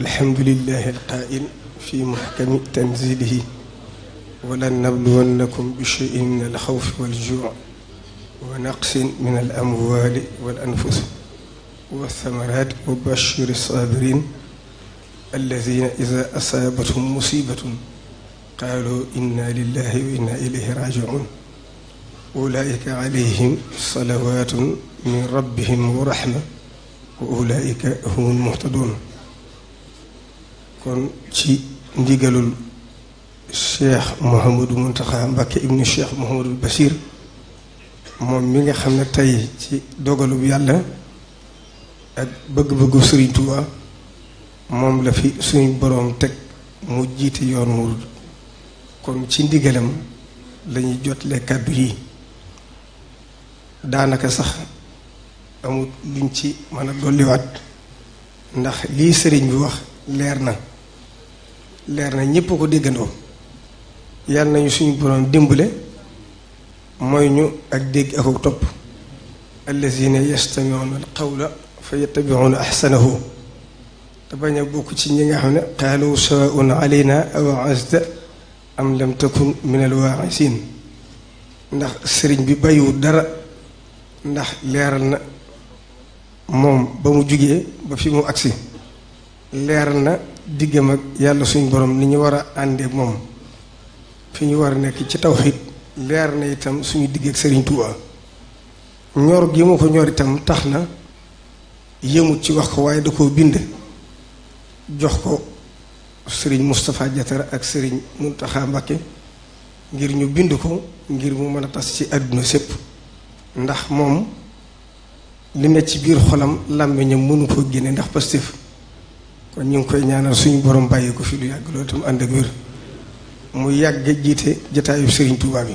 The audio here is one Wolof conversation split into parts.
الحمد لله القائل في محكم تنزيله ولن نبلونكم بشيء من الخوف والجوع ونقص من الأموال والأنفس والثمرات وبشر الصابرين الذين إذا أصابتهم مصيبة قالوا إنا لله وإنا إليه راجعون أولئك عليهم صلوات من ربهم ورحمة وأولئك هم المهتدون kon ci ndigalul cheikh Mouhamadou Mountakha Mbacké ibnu cheikh Mouhamadou Bachir moom mi nga xam ne tey ci dogalub yàlla ak bëgg-bëggu Serigne moom la fi suñu boroom teg mu jiite yoon wu kon ci ndigalam lañuy jotle kàddu yi daanaka sax amul luñ ci mën a dolliwaat ndax lii sëriñ bi wax leer na leer na ñëpp ko déggandoo yàlla nañu suñu borom dimbale mooy ñu ak dégg ak ak topp allazina yastamiuna alqawla fa yattabiuna ahsanahu te bañ a bokk ci ñi nga xam ne qaalu sawaun alayna aw azta am lam takun min alwaaisin ndax sëriñ bi bayu dara ndax leeral na moom ba mu jugee ba fi mu agsi leeral na diggam ak yàlla suñu borom ni ñu war a àndee moom fi ñu war a nekk ci tawxiid leer na itam suñu digg ak Serigne Touba ñor gi ma ko ñor itam tax na yëmut ci wax ko waaye da koo bind jox ko sëriñ Moustapha Diatara ak Serigne Mountakha Mbacké ngir ñu bind ko ngir mu mën a tas ci àdduna sépp ndax moom li ne ci biir xolam làmmiñam mënu koo génne ndax Pastef kon ñu ngi koy ñaanal suñu borom bàyyi ko fii lu yàgg loolu tam ànd ak mu yàgg jiite jataayu sëriñ Touba bi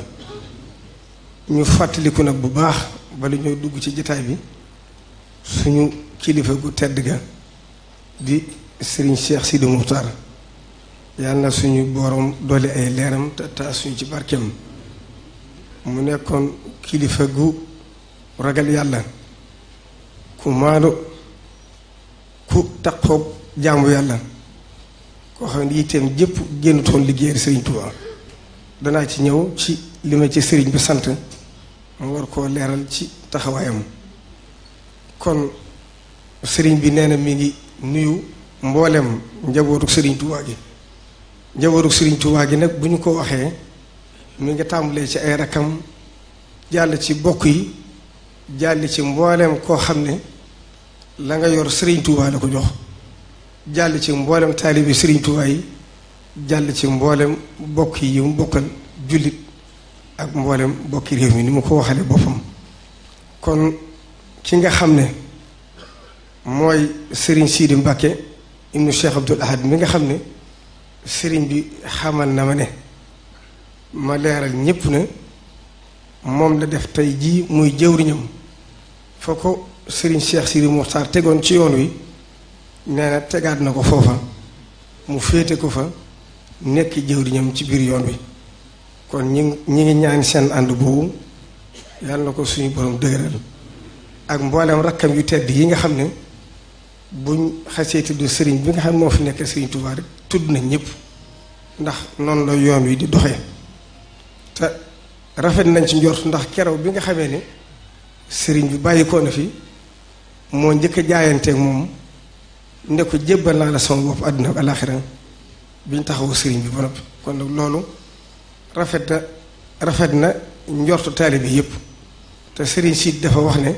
ñu fàttaliku nag bu baax bala ñoo dugg ci jataay bi suñu kilifa gu tedd ga di sëriñ Cheikh Sidi Moukhtar yàlla na suñu boroom doole ay leeram te taa suñu ci barkeem mu nekkoon kilifa gu ragal yàlla ku maalo ku taqoog jaamu yàlla koo xam ne yitteem jëpp génnutoon liggéeyal sëriñ Tuubaa danaa ci ñëw ci li ci sëriñ bi sant mu war koo leeral ci taxawaayam kon sëriñ bi nee na mi ngi nuyu mboolem njabootu sëriñ Tuubaa gi njabootu sëriñ Tuubaa gi nag bu ñu ko waxee mi ngi tàmbalee ci ay rakkam jàll ci bokk yi jàll ci mbooleem koo xam ne la nga yor sëriñ Tuubaa la ko jox jàll ci mboolem taalibi Serigne Touba yi jàll ci mboolem bokk yi mu bokkal jullit ak mboolem bokki réew mi ni mu ko waxale boppam kon ci nga xam ne mooy Serigne Sidi Mbacke ibnu Cheikh Abdoul Ahad mi nga xam ne sëriñ bi xamal na ma ne ma leeral ñépp ne moom la def tey jii muy jëwriñam foo ko Serigne Cheikh Sidi Mokhtar tegoon ci yoon wi nee na tegaat na ko foofa mu féete ko fa nekk jëwriñam ci biir yoon wi kon ñi ñi ngi ñaan seen ànd boobu yàlla na ko suñu borom dëgëral ak mboolem rakkam yu tedd yi nga xam ne buñ xasee tudd sëriñ bi nga xam ne moo fi nekk sëriñ Tuubaa rek tudd na ñëpp ndax noonu la yoon wi di doxee te rafet nañ ci njort ndax kerew bi nga xamee ne sëriñ bi bàyyi na fi moo njëkk a jaayanteeg moom. ne ko jébbal naa la sama bopp àddina ak alaaxira bi ñu taxawu sëriñ bi ba noppi kon nag loolu rafet na rafet na njortu taalibe yépp te sëriñ siit dafa wax ne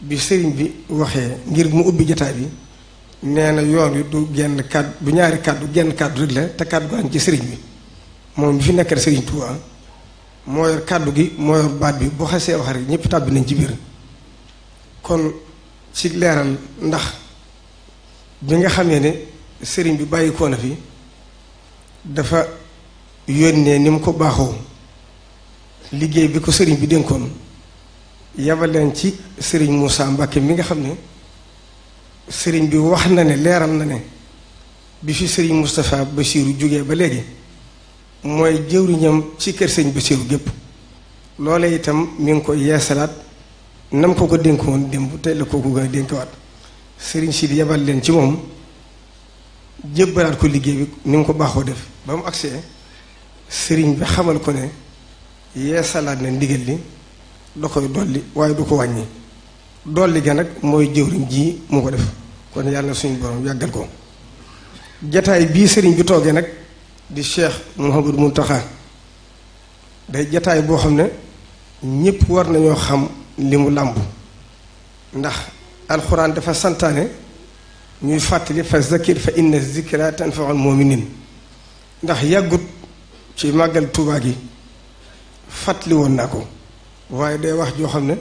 bi sëriñ bi waxee ngir mu ubbi jataay bi nee na yoon wi du genn kàddu bu ñaari kàddu genn kàddu rek la te kàddu gaan ci sëriñ bi moom bi fi nekkal sëriñ Tuubaa moo kàddu gi moo baat bi bu xesee wax rek ñépp tàbbi nañ ci biir kon ci leeral ndax bi nga xamee ne sëriñ bi bàyyikoo na fi dafa yónnee ni mu ko baaxoo liggéey bi ko sëriñ bi dénkoon yabal leen ci sëriñ Moussa Mbacke mi nga xam ne sëriñ bi wax na ne leeral na ne bi fi sëriñ Moustapha Bassirou jóge ba léegi mooy jëwriñam ci kër sëriñ Bassirou gépp loole itam mi ngi ko yeesalaat nam ko ko dénkoon démb tey la kooku gën a dénkawaat sëriñ si yabal leen ci moom jébbalaat ko liggéey bi ni mu ko baaxoo def ba mu agsee sëriñ bi xamal ko ne yeesalaat na ndigal li da koy dolli waaye du ko wàññi dolli ga nag mooy jëwriñ ji mu ko def kon yàlla na suñu borom yàggal ko jataay bii sëriñ bi toogee nag di cheikh Mouhamadou taxa day jataay boo xam ne ñépp war nañoo xam li mu làmb ndax alxuraan dafa santaane ñuy fàttali fa zakir fa inna zikra tanfaul muminin ndax yàggut ci màggal tuubaa gi fàttali woon naa ko waaye day wax joo xam ne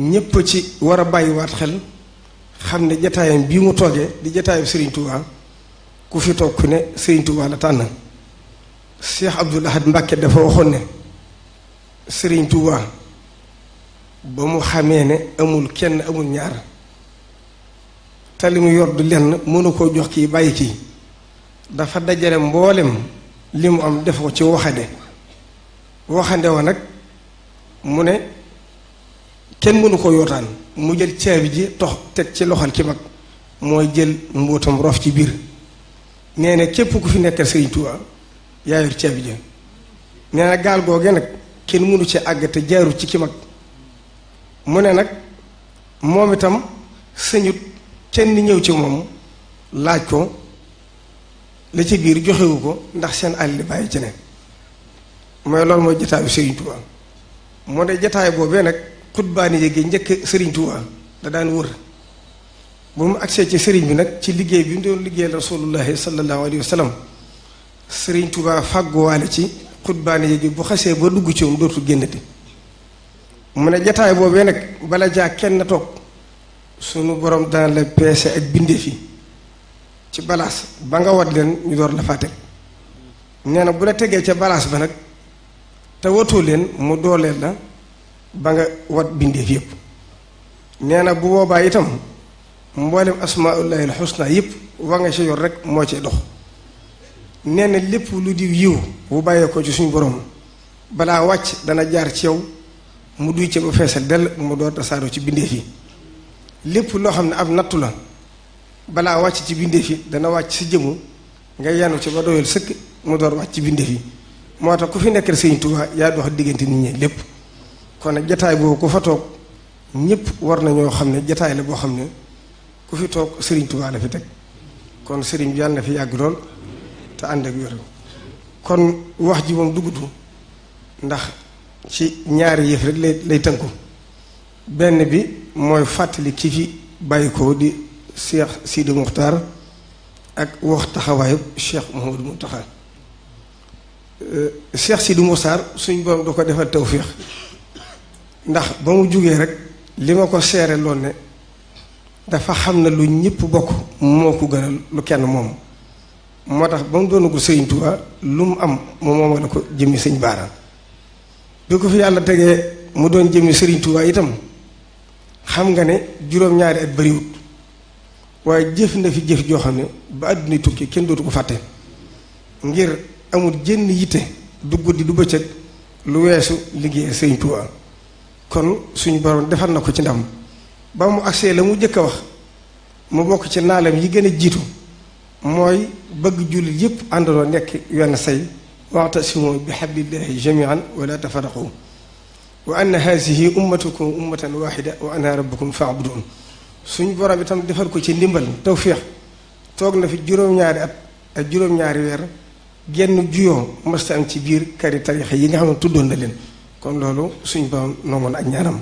ñépp ci war a bàyyiwaat xel xam ne jataayam bii mu toogee di jataayam Serigne Touba ku fi toog ku ne Serigne Touba la tànn Cheikh Abdoul Ahad Mbacke dafa waxoon ne Serigne Touba ba mu xamee ne amul kenn amul ñaar te li mu yor du lenn mënu koo jox kii bàyyi kii dafa dajale mboolem li mu am def ko ci waxande waxande wa nag mu ne kenn mënu ko yootaan mu jël ceeb ji tox teg ci loxol ki mag mooy jël mbóotam rof ci biir nee na képp ku fi nekkal Sëriñ Tuubaa yaa yor caabi ji nee na gaal googe nag kenn mënu ci àgg te jaarut ci ki mag mu ne nag moom itam sëñut kenn ñëw ci moom laaj ko la ci biir joxewu ko ndax seen àll bàyyi ci ne mooy loolu mooy jataayu Sëriñ Tuubaa moo ne jataay boobee nag xutbaani yéegi njëkk Sëriñ Tuubaa da daan wër bu mu agsee ci sëriñ bi nag ci liggéey bi mu doon liggéeyal rasulullahi sallallahu alayhi wa sallam Sëriñ Tuubaa fàgguwaale ci xutbaani yéegi bu xasee ba dugg ci moom dootul génn génnati mu ne jataay boobee nag bala jaa kenn toog sunu borom dana la peese ak bindeef yi ci balaas ba nga wat leen ñu door la faa teg na bu la tegee ca balaas ba nag te watoo leen mu dooleel la ba nga wat bindeef yépp nee na bu boobaa itam mboolem asmaullahil xusna yépp wax nga ci yor rek moo ci dox nee lépp lu di yiw bu bàyyee ko ci suñu borom balaa wàcc dana jaar ci yow mu duy ci ba feesal dell mu door tasaaroo ci bindeef yi lépp loo xam ne ab nattu la balaa wàcc ci bindeef yi dana wàcc si jëmu nga yanu ci ba doyal sëkk mu door wàcc ci bindeef yi moo tax ku fi nekkal Sëriñ Tuubaa yaa diggante nit ñi lépp nag jataay boobu ku fa ñëpp war nañoo xam ne jataay la boo xam ne ku fi toog Sëriñ Tuubaa teg kon sëriñ bi yàlla na fi yàgg lool te ànd ak wér kon wax ji moom duggutu ndax ci ñaari yëf rek lay lay tënku benn bi mooy fàttali ki fi bàyyi ko di Cheikh Sidi Muxtaar ak wax taxawaayu Cheikh Mouhamadou Mountakha euh, Cheikh Sidi Muxtaar suñ borom du ko defal tawféex ndax ba mu jógee rek li ma ko seere loon ne dafa xam ne lu ñëpp bokk moo ko gënal lu kenn moom moo tax ba mu doonagul Sëriñ Tuubaa lu mu am mu moomale ko jëmmi sëñ baaraan bi ko fi yàlla tegee mu doon jëmi Serigne Touba itam xam nga ne juróom-ñaari at bariwut waaye jëf na fi jëf joo xam ne ba àdduna tukki kenn dootu ko fàtte ngir amul jënn yitte du guddi du bëccëg lu weesu liggéey Serigne Touba kon suñu borom defal na ko ci ndam ba mu agsee la mu jëkk a wax mu bokk ci naalam yi gën a jiitu mooy bëgg jullit yépp àndaloo nekk wenn say واعتصموا بحبل الله جميعا ولا تفرقوا وان هذه امتكم امه واحده وانا ربكم فاعبدون سن بروم تام ديفار كو سي نيمبال توفيق توغنا في جيروم نياري اب جيروم نياري وير ген جيو مستام سي بير كاري تاريخ ييغا خا تودون نالين كون لولو سن بروم نومون اك نيارام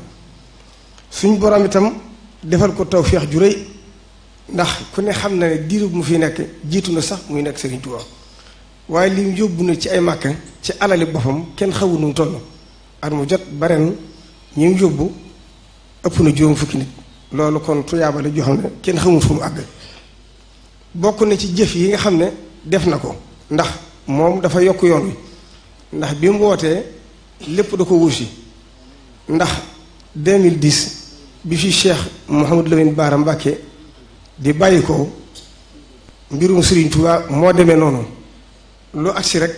سن بروم تام ديفار كو توفيق جوري ناخ كوني خامنا ديرو مو في نيك جيتو نا صاح موي نيك سيرين توخ waaye lim yóbbu na ci ay màkk ci alali boppam kenn xawu nu mu toll at mu jot baren ñim yóbbu ëpp na juróom fukki nit loolu kon tuyaaba la xam ne kenn xamul fu mu àgg bokk na ci jëf yi nga xam ne def na ko ndax moom dafa yokk yoon wi ndax bi wootee lépp da ko wuusi ndax 2010 bi fi Cheikh Mouhamadou Lamine Bara Mbacké di bàyyi ko mbirum Serigne waa moo demee noonu lu agsi rek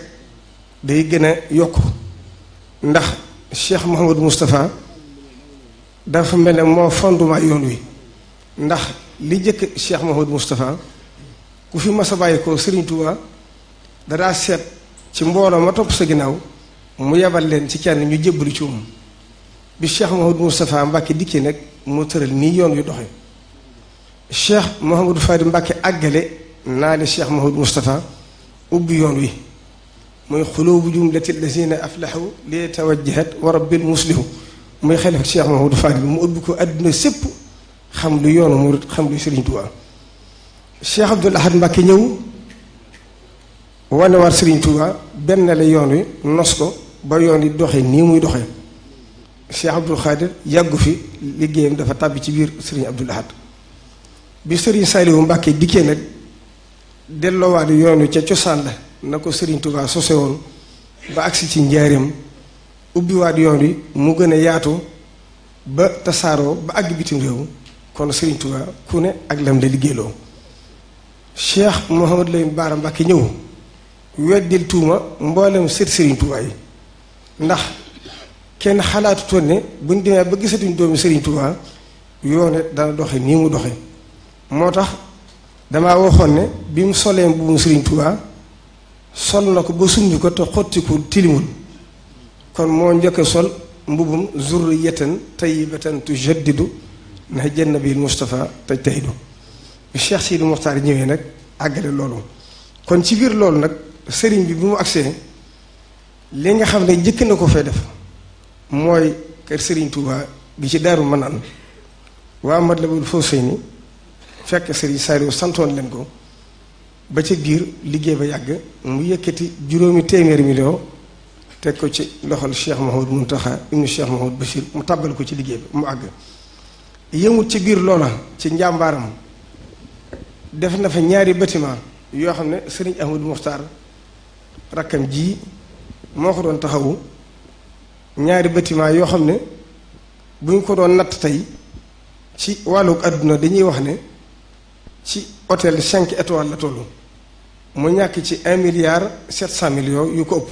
day gën a yokk ndax Cheikh Mouhamadou Moustapha dafa mel ne moo fondement yoon wi ndax li jëkk Cheikh Mouhamadou Moustapha ku fi mas a bàyyi ko Serigne dadaa seet ci mbooloo ma topp sa ginnaaw mu yebal leen ci kenn ñu jébbalu ci moom bi Cheikh Mouhamadou Moustapha Mbacke dikkee nekk moo tëral nii yoon yu doxe Cheikh Mouhamadou Fadi Mbacke àggale naa ne Cheikh Mouhamadou Moustapha ubbi yoon wi mooy xuloobu jumlati lazina aflaxu li tawajjahat wa rabbil muslihu muy xalifa Cheikh Mahamadou Fadil mu ubbi ko àdduna sépp xam lu yoonu murid xam lu Serigne Touba Cheikh Abdoul Ahad Mbacké ñëw wane war Serigne Touba benn la yoon wi nos ko ba yoon yi doxee nii muy doxee Cheikh Abdoul Khadir yàggu fi liggéeyam dafa tàbbi ci biir Serigne Abdoul Ahad bi Serigne Saliou Mbacké dikkee nag. delloowaat yoonu ca cosaan la na ko Serigne Touba sose woon ba agsi ci njaareem ubbiwaat yoon wi mu gën a yaatu ba tasaaroo ba àgg bitim réew kon Serigne Touba ku ne ak lam da liggéeyloo Cheikh Mouhamadou Lamine Bara ñëw weddil tuuma mboolem sët Serigne yi ndax kenn xalaatutoon ne buñ demee ba gisatuñ doomi Serigne Touba yoone dana doxe nii mu doxe moo tax damaa waxoon ne bi mu solee mbubbum Sëriñ Tuubaa sol na ko ba summi te xottiku tilimul kon moo njëkk sol mbubbum zurriyatan tayyibatan tujaddidu nahjan bil Mustafa tajtahidu bi Cheikh Sidi Muxtaar ñëwee nag àggale loolu kon ci biir loolu nag sëriñ bi bi mu agsee li nga xam ne njëkk na ko fay def mooy kër Sëriñ Tuubaa gi ci Daaru Manaan waa Matlabul Fawzayni fekk Serigne Saliou santoon leen ko ba ca biir liggéey ba yàgg mu yëkkati juróomi téeméeri million teg ko ci loxol Cheikh mu Mountakha ibnu Cheikh Mahoud Bachir mu tàbbal ko ci liggéey bi mu àgg yëmut ci biir loola ci njàmbaaram def na fa ñaari batiment yoo xam ne Serigne Ahmadou Mokhtar rakkam ji moo ko doon taxawu ñaari batiment yoo xam ne bu ñu ko doon natt tey ci wàllu àdduna dañuy wax ne ci hôtel cinq étoiles la tollu mu ñàkk ci un milliard sept cent millions yu ko ëpp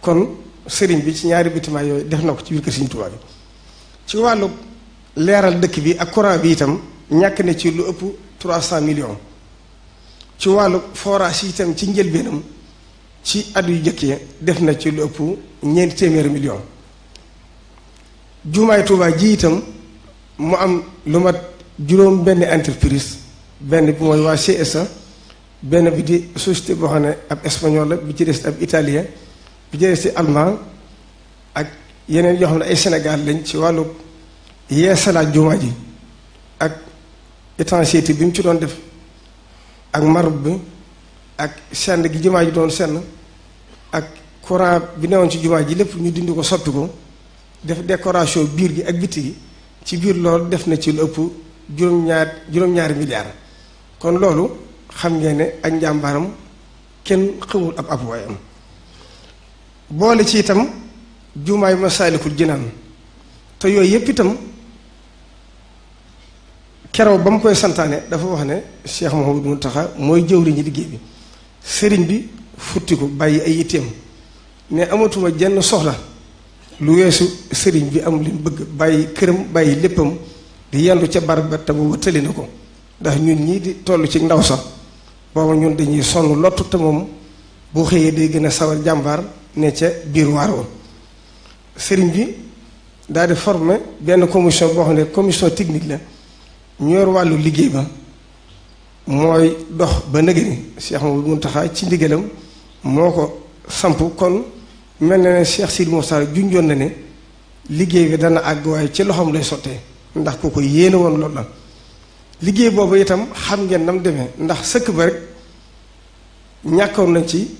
kon sëriñ bi ci ñaari bâtiment yooyu def na ko ci biir siñu Sëriñ Tuubaa bi ci wàllu leeral dëkk bi ak courant bi itam ñàkk na ci lu ëpp trois cent million ci wàllu forage yi itam ci njëlbeenam ci at yu njëkk def na ci lu ëpp ñeenti téeméeri millions jumaay Tuubaa ji itam mu am lu mat juróom benn entreprise benn bi mooy waa CSA benn bi di société boo xam ne ab espagnol la bi ci des ab italien bi ci des ci ak yeneen yoo xam ne ay Sénégal lañ ci wàllu yeesalaat jumaa ji ak étanchéité bi mu ci doon def ak marab bi ak senn gi jumaa ji doon senn ak courant bi newoon ci jumaa ji lépp ñu dindi ko soppi ko def décoration biir gi ak biti gi ci biir loolu def na ci lu ëpp juróom ñaari milliards kon loolu xam nga ne ak njàmbaram kenn xamul ab ab waayam boole ci itam jumaay masaalikul jinaan te yooyu yépp itam keroog ba mu koy santaane dafa wax ne Cheikh mu taxa mooy jëwriñu liggéey bi sëriñ bi futti ko bàyyi ay iteem ne amatuma jenn soxla lu weesu sëriñ bi am lim bëgg bàyyi këram bàyyi léppam di yendu ca barab ba te bu wëttali na ko ndax ñun ñii di toll ci ndaw sax booba ñun dañuy sonn lottu te moom bu xëyee day gën a sawar jàmbaar ne ca biir waar woon sëriñ bi daal di benn commission boo xam ne commission technique la ñor wàllu liggéey ba mooy dox ba nëgëni Cheikh Mouhamadou Mountakha ci ndigalam moo ko samp kon mel na ne Cheikh Sidi Moussa junjoon na ne liggéey bi dana àgg waaye ci loxoom lay sottee ndax ku ko yéene woon loolu la liggéey boobu itam xam ngeen nam demee ndax sëkk ba ñàkkoon na ci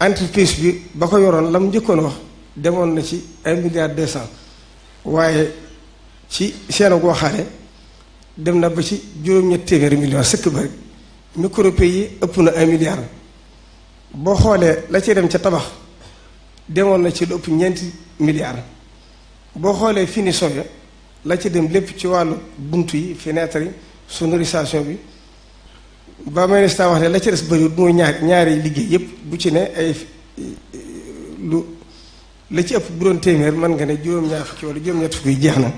entreprise bi ba ko yoroon lam njëkkoon wax demoon na ci un milliard deux cent waaye ci seen goo dem na ba ci juróom-ñetti téeméeri million sëkk ba rek yi ëpp na un milliard boo xoolee la ci dem ca tabax demoon na ci lu ëpp ñeenti milliard boo xoolee finition ya la ci dem lépp ci wàllu bunt yi fenêtre yi su sonorisation bi ba ministre wax ne la ci des bëriwul mooy ñaar ñaari liggéey yëpp bu ci ne ay lu la ci ëpp bu doon téeméer man nga ne juróom-ñaar fukki wala juróom-ñett fukki jeex na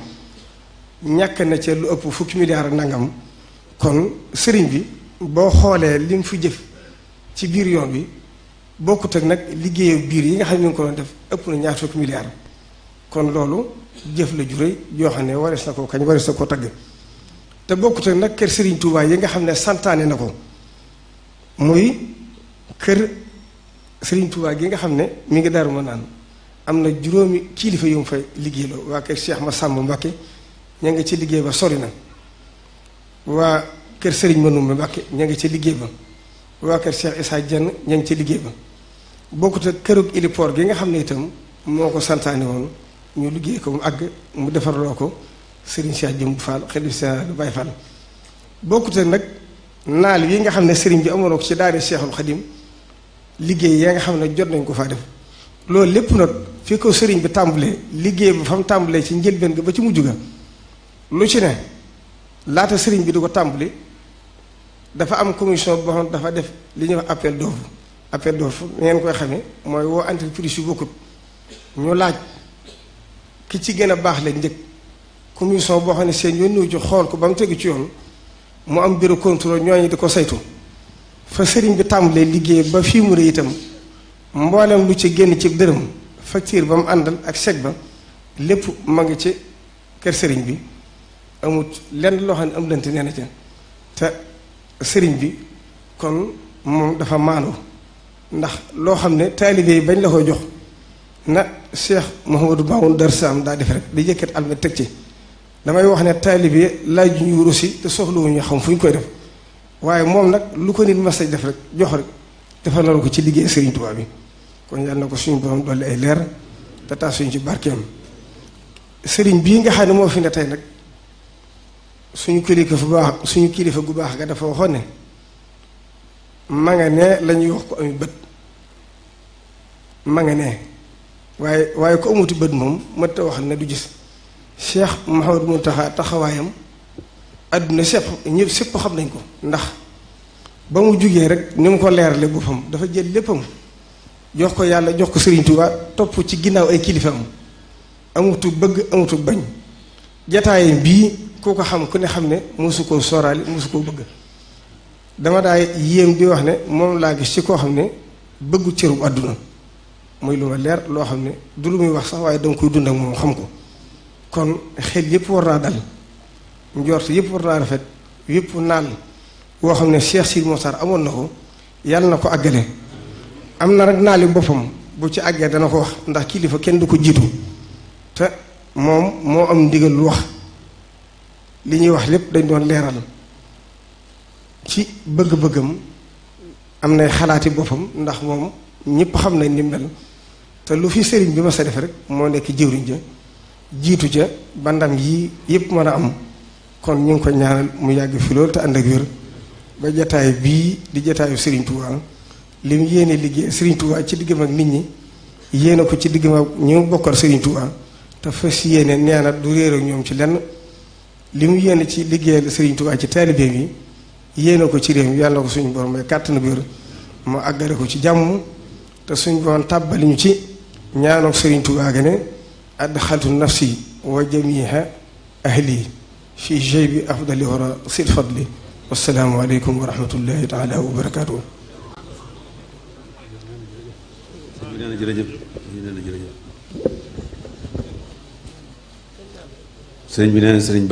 ñàkk na ca lu ëpp fukki milliard ak nangam kon sëriñ bi boo xoolee li mu fi jëf ci biir yoon bi bokkut ak nag liggéeyu biir yi nga xam ne ñu ko doon def ëpp na ñaar fukki milliard kon loolu jëf la jure yoo xam ne warees na koo kañ warees na koo tagg te bokkut nag kër sëriñ Touba yi nga xam ne santaane na ko muy kër sëriñ Touba gi nga xam ne mi ngi Daaru naan am na juróomi kilifa yu mu fay liggéeyloo waa kër Cheikh ña ngi ci liggéey ba sori na waa kër Serigne ma Mbacké ña ngi ci liggéey ba waa kër Cheikh Issa Dieng ña ngi ci liggéey ba bokkut ak kërug héliport gi nga xam ne itam moo ko santaane woon ñu liggéey ko mu àgg mu defarloo ko. Serigne Cheikh Jëmb Fall xalifa général Baye Fall bokkute nag naal yi nga xam ne Serigne bi amoon ko ci daara Cheikhul Khadim liggéey yaa nga xam ne jot nañ ko faa def loolu lépp nag fi ko sëriñ bi tàmbalee liggéey ba fa mu tàmbalee ci njëlbeen ga ba ci mujj ga lu ci ne laata sëriñ bi di ko tàmbali dafa am commission boo dafa def li ñuy wax appel d'offre appel d'offre ngeen koy xamee mooy woo entreprise yu bokkut ñu laaj ki ci gën a baax la njëkk commission boo xam ne seen yoon ñëw ci xool ko ba mu tegu ci yoon mu am bureau ñoo ñooñu di ko saytu fa sëriñ bi tàmbalee liggéey ba fii mu rëy itam mboolem lu ci génn ci dërëm facture ba mu àndal ak chèque ba lépp ma ngi ci kër sëriñ bi amut lenn loo xam ne am lante nee na ca te sëriñ bi kon moom dafa maandu ndax loo xam ne taalibe yi bañ la koy jox na Cheikh du Bawoun Darou Sam daa def rek di yëkkat almet teg ci damay wax ne taalibe laaj ñuy rusi te soxlawuñu xam fu ñu koy def waaye moom nag lu ko nit mas def rek jox rek defal na ko ci liggéey Serigne Touba bi kon yàlla na ko suñu borom dolli ay leer te taas ci barkeem sëriñ bii nga xam ne moo fi ne tey nag suñu kilifa bu baax suñu kilifa gu baax nga dafa waxoon ne ma nga ne lañuy ñuy wax ko amut bët ma nga ne waaye waaye ko amuti bët moom mënta wax ne du gis. Cheikh Mouhamadou Mountakha taxawaayam àdduna sépp ñëpp sépp xam nañ ko ndax ba mu jugee rek ni ko leerale boppam dafa jël léppam jox ko yàlla jox ko Serigne Touba topp ci ginnaaw ay kilifaam amutu bëgg amutu bañ jataayam bii ku ko xam ku ne xam ne mosu koo sooraali mosu koo bëgg dama daay yéem di wax ne moom laa gis ci koo xam ne bëggu cëru àdduna mooy lu ma leer loo xam ne du lu muy wax sax waaye danga koy dund ak moom xam ko kon xel yëpp war naa dal njort yëpp war naa rafet yëpp naan woo xam ne Cheikh Sidi Mokhtar amoon na ko yàlla na ko àggale am na rek naali boppam bu ci àggee dana ko wax ndax kilifa kenn du ko jiitu te moom moo am ndigal lu wax li ñuy wax lépp dañ doon leeral ci bëgg-bëggam am na xalaati boppam ndax moom ñëpp xam nañ ni mel te lu fi sëriñ bi ma sa def rek moo nekk jiwriñ ja jiitu ca bandam yi yépp mën a am kon ñu ngi ko ñaanal mu yàgg fi loolu te ànd ak wér ba jataay bii di jataayu Serigne Touba li mu yéene liggéey Serigne Touba ci diggam ak nit ñi yéene ko ci diggam ak ñu bokkal Serigne Touba te fas yéene nee na du réer ak ñoom ci lenn li mu yéene ci liggéeyal Serigne Touba ci taalibeem yi yéene ko ci réew mi yàlla ko suñu borom may kàttan wér mu àggale ko ci jàmm te suñu borom tàbbali ñu ci ñaanoog Serigne Touba gane أدخلت نفسي وجميع أهلي في جيب أفضل وراء ذي الفضل والسلام عليكم ورحمة الله تعالى وبركاته سيدنا